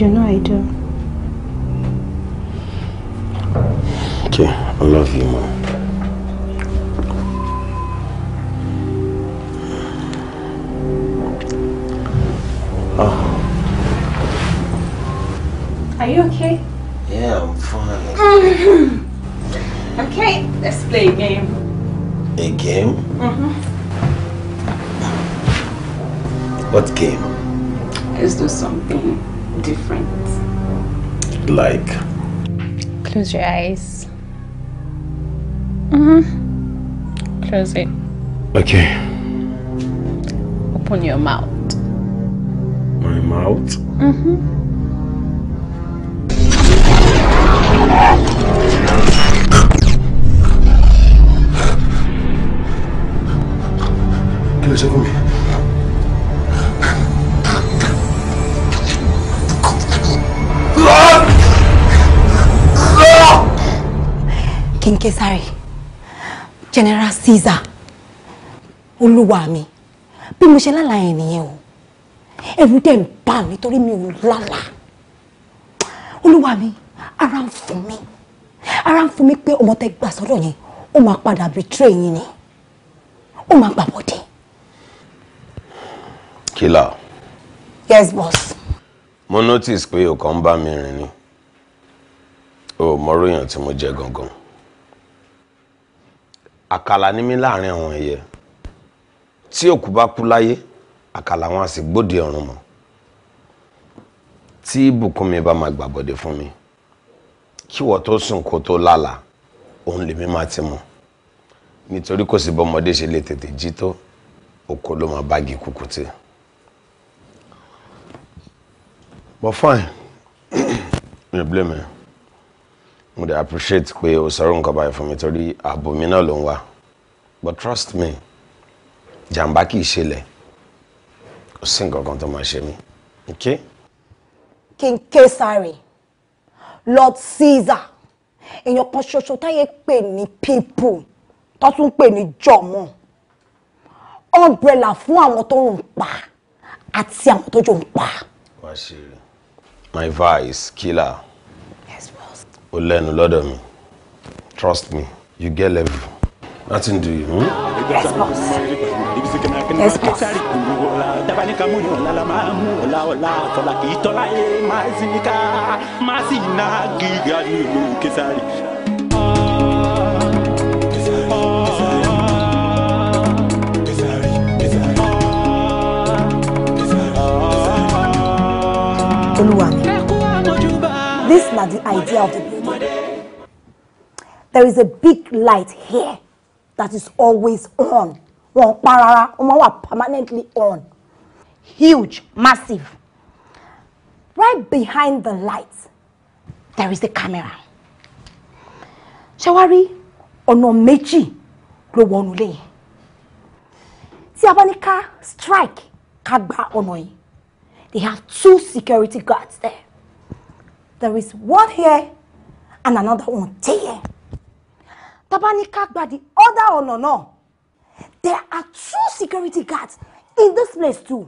you know I do. Okay, I love you, Mom. Oh. Ah. Are you okay? Yeah, I'm fine. [COUGHS] okay, let's play a game. A game? Mm-hmm. What game? Let's do something different. Like? Close your eyes. Mm-hmm. Close it. Okay. Open your mouth. My mouth? Mm-hmm. Kilo sa kong. sorry? general caesar olúwa mi bí mo ṣe lálàá yẹn o ẹ̀rù dẹ̀ ń bà mí torí mi ò lálàá olúwa mi ara ń fún mi ara ń fún mi pé ọmọ tẹ́ gbà sọ́dọ̀ yẹn ó máa padà betray yín ni ó máa gbà bọ́dẹ̀. kìlà. yes boss. mo notice pé o kàn ń bá mi rìn ni o mọ̀rọ̀ èèyàn tí mo jẹ́ gangan àkàlà ni mí láàrin àwọn ẹyẹ tí òkú bá kú láyé àkàlà wọn a sì gbòde ọ̀run mọ́ tí ìbùkún mi bá máa gbàbọ̀dé fún mi kí wọ́n tó sùn kó tó lálàá òun lèmi máa ti mọ̀ nítorí kò sí bọ́mọdé ṣe lè tètè jí tó oko ló máa bági kúkú tí. but fine no [COUGHS] blame me mo dey appreciate pé o sọ̀rọ̀ nǹkan báyìí fún mi torí ààbò mi náà ló ń wá but trust me jàǹbá kì í ṣẹlẹ̀ kò sí nǹkan kan tó máa ṣe mí ok. kí n ké sáré lord caesar èèyàn kan ṣoṣo táyé pè ní people tó tún pè ní jọ̀mọ́ umbrella fún àwọn tó ń pa àti àwọn tó jò ń pa. wá ṣe my vice killer ó lẹ́nu lọ́dọ̀ mi trust me you get level nothing do you. Hmm? Yes, boss. Yes, the idea of the building there is a big light here that is always on wọn pa rárá permanently on huge massive right behind the light there is a camera ṣé ono mechi, ọ̀nà méjì Si wọnú lé strike ká onoi. they have two security guards there there is one here and another one there tabanika gba the other ọ̀nà náà there are two security guards in this place too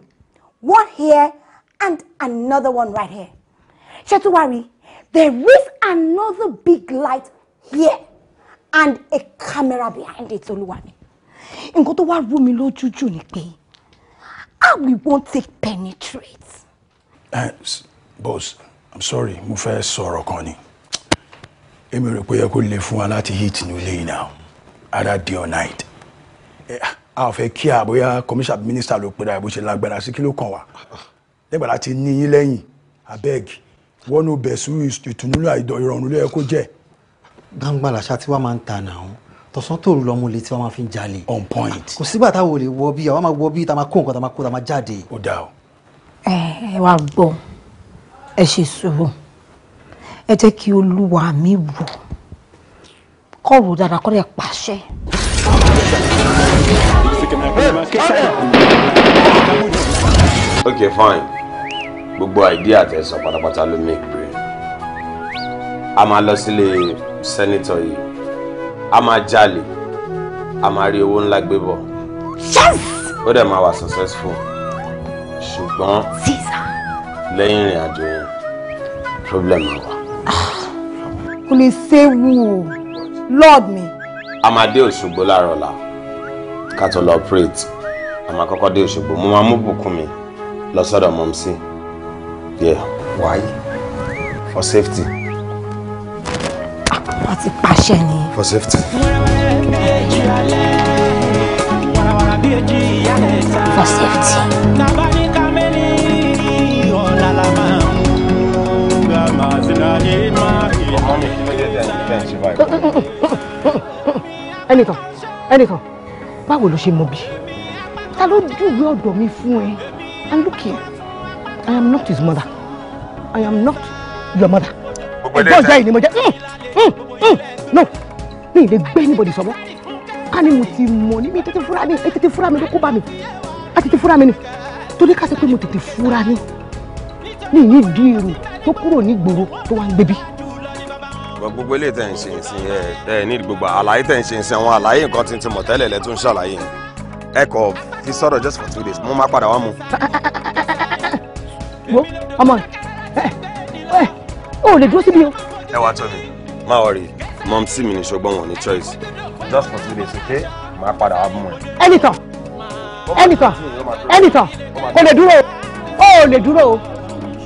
one here and another one right here shetuwari there is another big light here and a camera behind it olúwami nǹkan tó wá rú mi lójújù ni pé how we wan take penetrate. Uh, boss i'm sorry mo fẹ́ sọ̀rọ̀ kan ni èmi rò pé yẹ kó lè fún wa láti hit ní ilé yìí náà ara day or night a ò fẹ́ kí àbóyá commissioner minister ló pera bó ṣe lágbára sí kí ló kàn wá nígbà láti ní yín lẹ́yìn abeg wọnú bẹ̀sù ìtùnúlò àìdọ̀ ìrọ̀rùn ló yẹ kó jẹ́. gbangba làṣà tí wàá máa ń ta nàá tọ̀sán tòru lọ́mú létí wọ́n máa fi ń jalè. on point. kò sígbà táwọn ò lè wọ bí àwọn máa wọ bí táwọn máa kó nǹkan táwọn máa kó táwọn máa jáde. ó dáa ẹ wá gbọ́ ẹ ṣe sùúrù ẹ jẹ́ kí olúwa mi wò kọ́ wò dáadáa kọ́ dẹ̀ pàṣẹ. okay fine gbogbo àìdíà tẹ sọ pátápátá ló make brain a máa lọ sílé sẹ́nitọ̀ yìí a máa jalè a máa rí owó ńlá gbé bọ̀ ó dẹ̀ máa wà successful ṣùgbọ́n lẹ́yìn ìrìn àjò yẹn problem máa wà. [SIGHS] kò lè séwu o lord mi. a máa dé Òṣogbo láàárọ̀ la ká tó lọ operate a máa kọ́kọ́ dé Òṣogbo mo máa mú bùkún mi lọ sọ́dọ̀ mọ́mísì yeah why for safety. wọ́n ti pàṣẹ ni. for safety. for safety. ṣe máa fi. ọmọ mi kí ló dé tẹ̀ ń ṣe báyìí. ẹnìkan ẹnìkan báwo ló ṣe mọ bí ta ló júwe ọ̀dọ̀ mi fún ẹ and look here i am not his mother i am not your mother. gbogbo ilé yìí ni mo jẹ mm, mm, mm. no mi ì lè gbé anybody sọ́wọ́ ká ni mo ti mọ̀ ní mi tètè fúra mi tètè fúra mi ló kó bá mi tètè fúra mi ni torí ká sọ pé mo tètè fúra ni mi ì ní ìdí irun tó kúrò ní gbòòrò tó wá ń gbébí. gbogbo eléyìí tẹ̀ ń ṣe ìsìn ẹ ẹ ní gbogbo àlàyé tẹ̀ ń ṣe ìsìn àwọn àlàyé nǹkan tí ń ti mọ̀ tẹ́lẹ̀ lẹ́ tún ṣàlàyé ẹ kọ fi sọ̀rọ̀ just for two days mo máa padà wá mu. wo ọmọ ẹ ẹ o lè dúró síbi o. ẹ wá tọ́ mi má wọrí mọ́m sí mi ní ṣùgbọ́n wọn ní choice just for two days okay máa padà wá mú ẹ. ẹnìkan ẹnìkan ẹnìkan kò lè dúró o ò lè dúró o.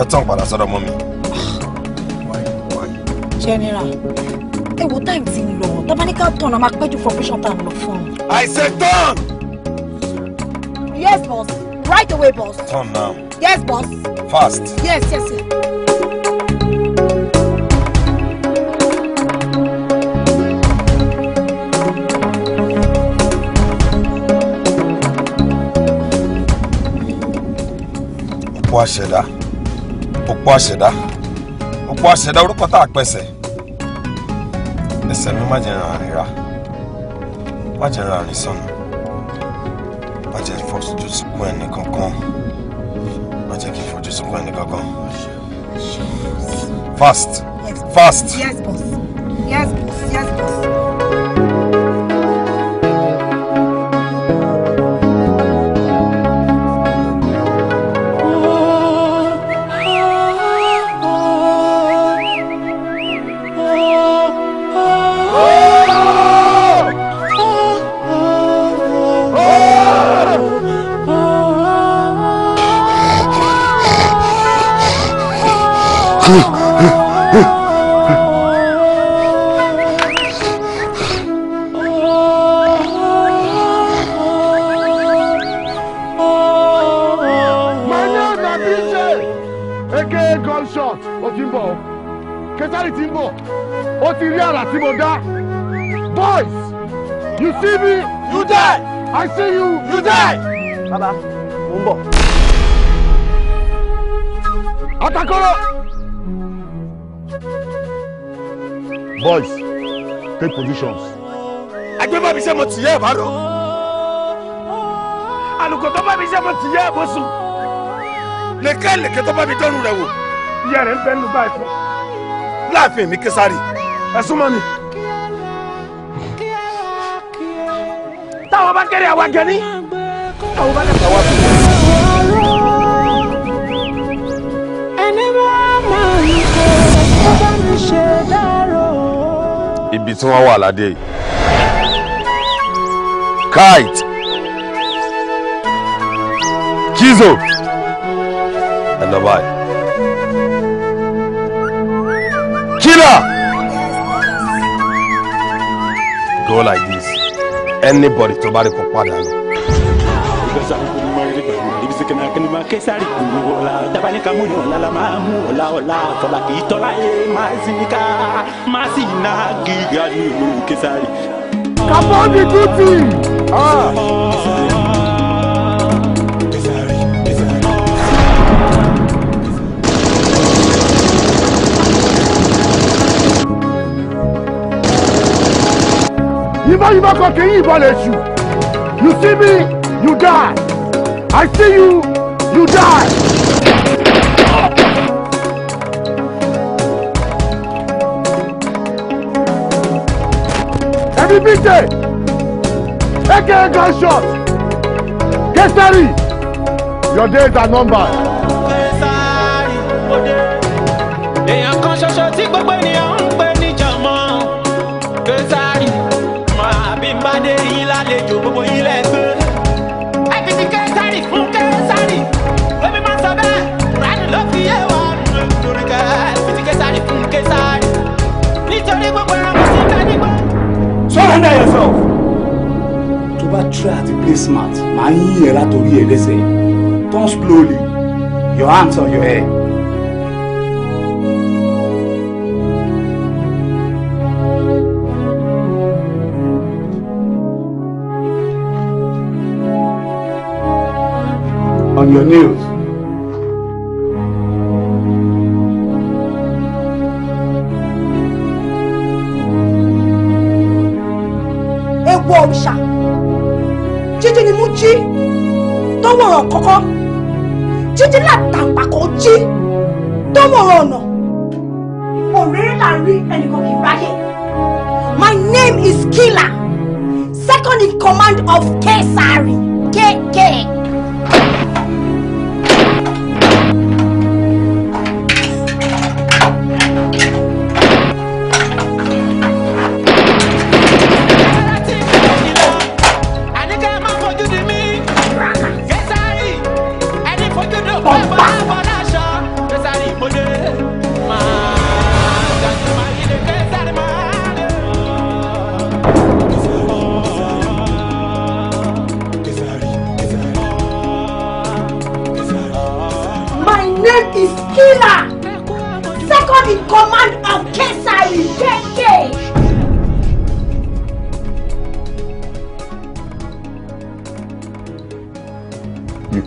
ẹ tán padà sọ́dọ̀ mọ́ mi. general ẹ wo táìmù ti ń lọ tabaníkà tán a máa pẹ́jù for patient lọ fún un. I said turn. yes boss right away boss. turn now. yes boss. fast. yes yes yes. Wá ṣẹ̀dá òpó àṣẹdá òpó àṣẹdá orúkọ tá a pẹsẹ ẹsẹ̀ mi má jẹ́ ràn rírà má jẹ́ ràn rìn sọnù má jẹ́ fojú sunkún ẹni kankan má jẹ́ kí n sunkún ẹni kankan fast fast. yes boss yes actions. ẹgbẹ́ bá mi ṣe mo ti yẹ ẹ̀bá lọ. àlùkò tó bá mi ṣe mo ti yẹ ẹ̀bó sùn. lèkẹ́ lèkẹ́ tó bá mi dọ́rùn rẹ̀ wò. iye rẹ̀ ń bẹ́ nínú báyìí fún. láàfin mi késàrì. ẹ̀sùn mọ́ mi. táwọn bá kéré àwa gẹ̀ ní. táwọn bá kéré àwa gẹ̀ ní. níbi tí wọ́n wà ládé yìí. kite kizo ẹ lọ báyìí. killer go like this anybody tó bá rí kó padà nù sango mari bani bi se kana kana ah lè ṣù you see me you die. I see you, you die. Ẹbí bíjẹ̀, AK gunshot, ready. your days are numbered. gbogbo ènìyàn ń Surrender yourself. Tó bá try to play smart, màá yín ẹ̀ látòrí ẹ̀ lẹ́sẹ̀. Turn slowly, your hands on your head. On your knees. òrìṣà jíjí ni mo jí tó kọ́kọ́ jíjí látàǹpàkò jí tó ọ̀nà òrèrè là ń rí ẹnìkan kì í ráyè my name is Killer second in command of Kesari kk.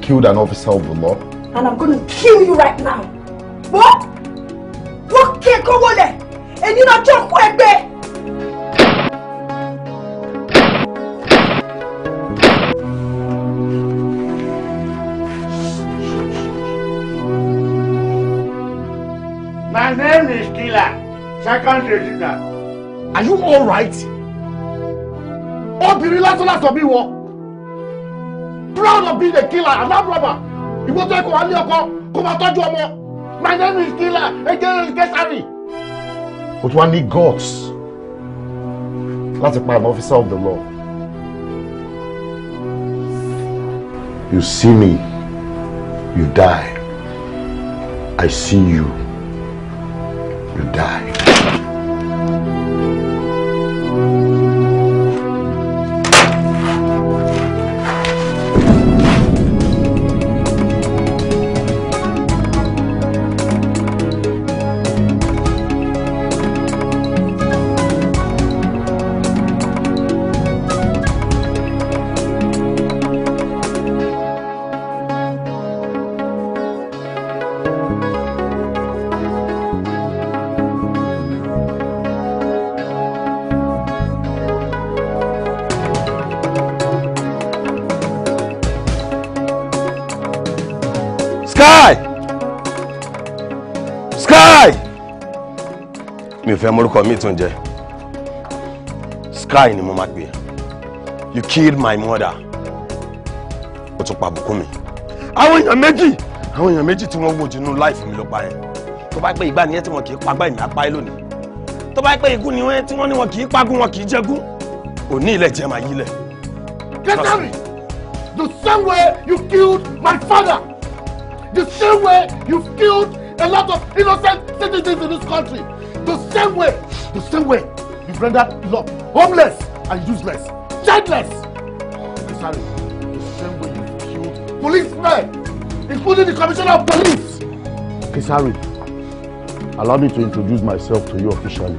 killed an officer of the law. And I'm gonna kill you right now. What? What can go on there? And you not jọ kú ẹgbẹ́. My name is Killer, second regiment. Are you alright? Obìnrin lásán lásán bí wọ́n proud of being a killer and not robber. Ìwọ tó ẹ̀kọ́ wa ní ọkọ kó máa tọ́jú ọmọ. My name is Killer Ejere Kesari. O tún wá ní guts láti pa an officer of the law. You see me, you die. I see you, you die. lè fẹ́ morúkọ mi tún jẹ sky ni mo máa pè you killed my mother o tún pa àbùkù mi àwọn èèyàn méjì àwọn èèyàn méjì tí wọ́n wò jù nínú life mi ló pa yẹn tó bá pé ìgbà nìyẹn tí wọn kì í pagbá èmi apá ẹ lónìí tó bá pé igun nìyẹn tí wọ́n ní wọn kì í pagún wọn kì í jẹgún òní ilẹ̀ jẹ́ máa yílẹ̀. Gẹ́tàrì the same way you killed my father the same way you killed a lot of innocent citizens in this country same way the same way you've rendered love homeless and useless childless sorry the same way you killed policemen including the commissioner of police. Kisari, allow me to introduce myself to you officially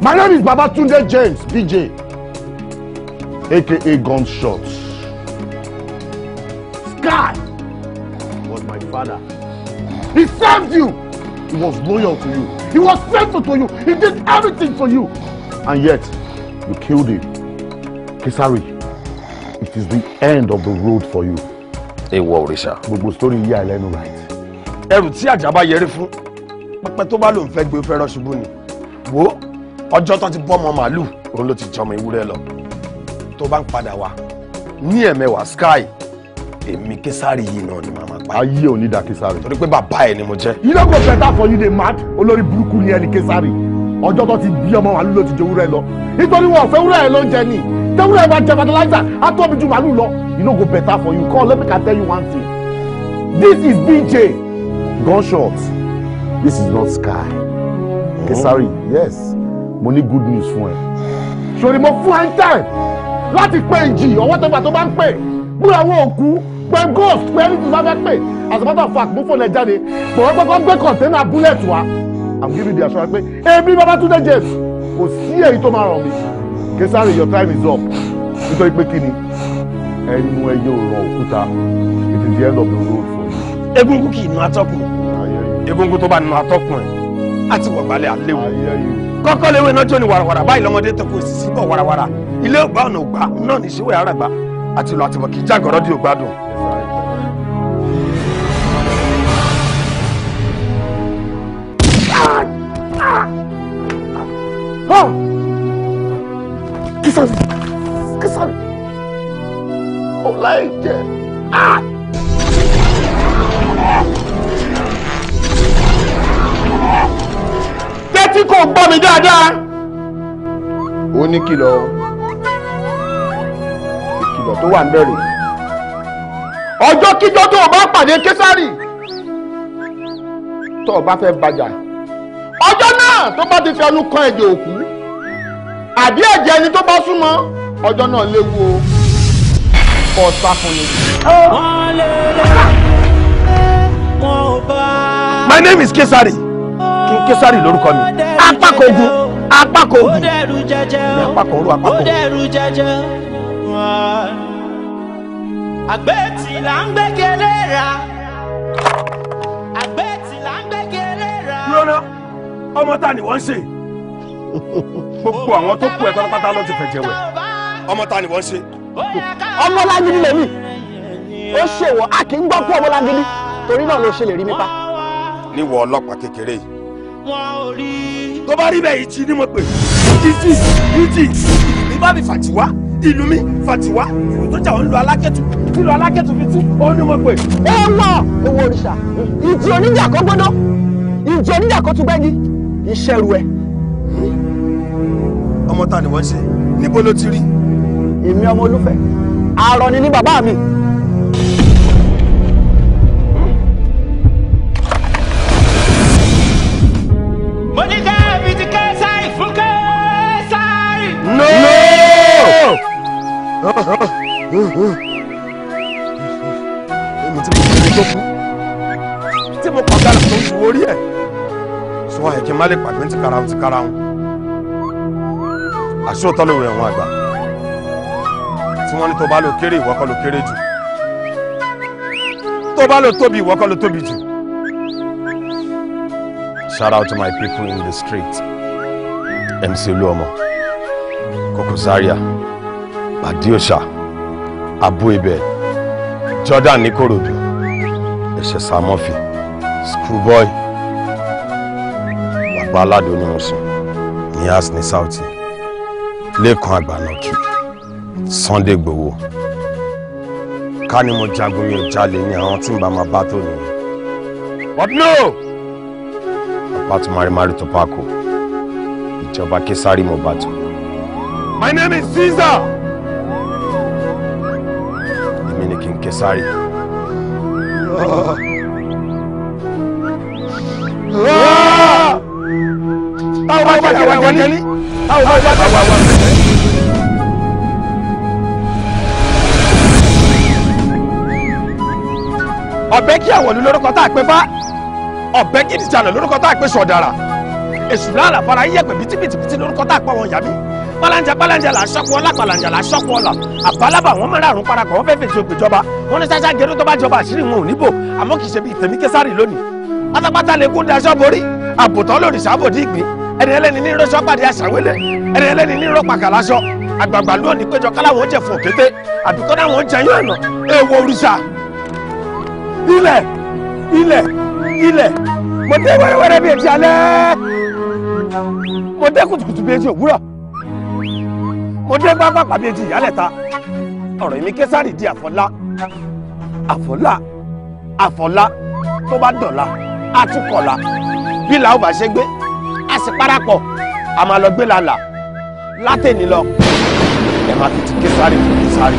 my name is Babatunde James BJ aka Gunshots. Sky was my father he served you he was loyal to you. He was faithful to you. He did everything for you. And yet, you killed him. Kisari. it is the end of the road for you. Èèwọ̀ òrìṣà. Gbogbo story yìí àìlẹ́nu right. Ẹrù tí àjàbá yẹrí fún, pẹpẹ tó bá lòun fẹ́ gbé fẹ́ràn ṣubú ni. Wo ọjọ́ tó ti bọ́mọ màálù, òun ló ti jọmọ ewúrẹ́ lọ. Tó bá ń padà wá, ní ẹ̀mẹwàá sky, èmi Kesari yìí náà ni màmá ayé ò ní da Kesari. torí pé bàbá ẹ ni mo jẹ. you no go better for you dey mad olórí burúkú ni ẹni Kesari ọjọ́ tó ti bí ọmọ màálù ló ti jẹ wúrẹ́ lọ nítorí wọn ọ̀fẹ́ wúrẹ́ ló ń jẹ ni tẹ́wúrẹ́ bá jẹ fertilizer á tóbi ju màálù lọ you no go better for you come let me can tell you one thing this is BJ gunshot this is not Sky mm-hmm. Kesari yes mo ní good news fún ẹ sori mo fún ẹ ń tẹ láti pé ìjì ọwọ́ tẹ́gbà tó bá ń pè búra wọn ò kú pẹ ghost pẹ ẹni tí sáfẹ́ pè as a matter of fact mú fóònù ẹ jáde bọ̀wọ́ gbọ́gbọ́ gbé container bullet wá i'm giving the assurance pé èmi Babátúndé James kò sí èyí tó máa ràn mí Kesari your time is up nítorí pé kí ni ẹnu ẹyẹ òrò òkúta it is the end of the road for you. egungun kì í nu atọ́kùn egungun tó bá nu atọ́kùn ẹ̀ á ti wọ̀ gbalẹ̀ àléwu kọ́kọ́ léwé náà jó ni wàràwàrà báyìí lọ́mọdé tó kó èsì sí bọ̀ wàràwàrà ilé ògbà ọ̀nà ògbà náà ní ìṣèwé àràgbà àti ìlú àtìmọ̀ kì í jàgọ̀rọ̀ di ògbádùn. kìsàmì ah! kìsàmì ọ̀la ah! ẹ̀jẹ̀. tẹ́tí kò gbọ́ mi dáadáa. ó ní kìlọ̀ tó wà ń ọjọ́ kíjọ́ tó o bá pàdé késàrì tó o bá fẹ́ bàjà ọjọ́ náà tó bá ti fi ẹnu kan ẹ̀jẹ̀ òkú àbí ẹ̀jẹ̀ ẹni tó bá súnmọ́ ọjọ́ náà léwu o kò sá fún mi. My name is Kesari King Kesari lórúkọ mi apákò ogun apákò ogun ní apákò oru apákò oru àgbẹ̀tì là ń gbẹ́kẹ̀lé ra àgbẹ̀tì là ń gbẹ́kẹ̀lé ra. lọ́nà ọmọ ta ni wọ́n ń ṣe gbogbo àwọn tó kú ẹ̀ pátápátá ló ti fẹ̀jẹ̀ wẹ̀ ọmọ ta ni wọ́n ń ṣe. ọmọlágídí lèmi ó ṣèwọ a kì í gbọ́ kú ọmọlágídí torí náà ló ṣe lè rí mi pa. níwọ ọlọ́pàá kékeré yìí tó bá rí bẹ́ẹ̀ ìjì ni mo pè ìjì ìjì ìlú mi fàtiwá ìlú mi fàtiwá ìlú tó jà ń lo alákẹ́tù tí ìlú alákẹ́tù fi tú òun ni mo pè. ẹ wọ owó òrìṣà ìjì oníjà kan gbóná ìjì oníjà kan tún gbẹ́gi ìṣẹ̀rù ẹ̀. ọmọ ta ni wọ́n ṣe níbo ló ti rí. èmi ọmọ olúfẹ́ àárọ̀ ni ní bàbá mi. kára wọn kára wọn àṣírò tán lóore ẹ̀wọ̀n àgbà tí wọ́n ní tó bá lò kéré ìwọ ló kéré jù tó bá lò tóbi ìwọ ló tóbi jù. Shout out to my people in the street MC Oluomo Koko Zaria Badiosha Abu Ebel Jordan Nikorodu Ẹ̀ṣẹ̀ Samofi Schoolboy ọlọ́pàá aládùn ní ọ̀sùn ní asni lẹ́kàn àgbànàkì Sunday Igboho ká ní mo jagun mi jalè ní àwọn tí n bá máa bá tó nìyẹn. but no. apart marimari tobacco ìjọba kesari mo bá tó. my name is Caesar. èmi ni kí n kesari. Oh. kankan ní. àwọn ọmọ ìyá kan wà wà. ọ̀bẹ kí àwọ̀lú lórúkọ tá a pè bá ọ̀bẹ kí ìdìjànà lórúkọ tá a pè sọ̀dàrà èṣù lálà fara yíyẹ̀pẹ̀ bìtìbìtìbìtì lórúkọ tá a pè wọn yàbí balanja balanja la sọkù ọlá balanja la sọkù ọlá àbálábà wọn mẹ́rin àrùn parapọ̀ wọn fẹ́ẹ́ fèsì ògbèjọba wọn ní sasa gẹrú tó bá jọba àṣírí wọn ò níbò àmọ́ kìí ṣe bíi tèmi késàrì lónìí pátápátá lè kó daṣọ borí àbùtọ́ lòrìṣà àbòdì ìgbín ẹni ẹlẹ́ni ní irọ́ sọ́pàdé àṣàwélé ẹni ẹlẹ́ni ní irọ́ pàkàlàṣọ àgbààgbà lónìí péjọ káláwọn oúnjẹ fò kété àdúgbò náwọn oúnjẹ yóò nà èèwọ̀ òrìṣà ilẹ̀ ilẹ̀ ilẹ̀ mo dé wẹ́rẹ́wẹ́rẹ́ bíi etí alẹ́ mo dé kùtùkùtù bíi etí òwúrọ̀ mo dé pápákọ̀ bíi etí ìyálẹ̀ta ọ̀rọ̀ èmi késàrì di àfọlá àfọlá àfọlá tó bá dọ̀la àtúkọ̀la bí làwọn bá ṣe gbé a sì parapọ̀ a máa lọ gbé lànà látẹ̀ni lọ ẹ máa fi ti Késárì fún Késárì.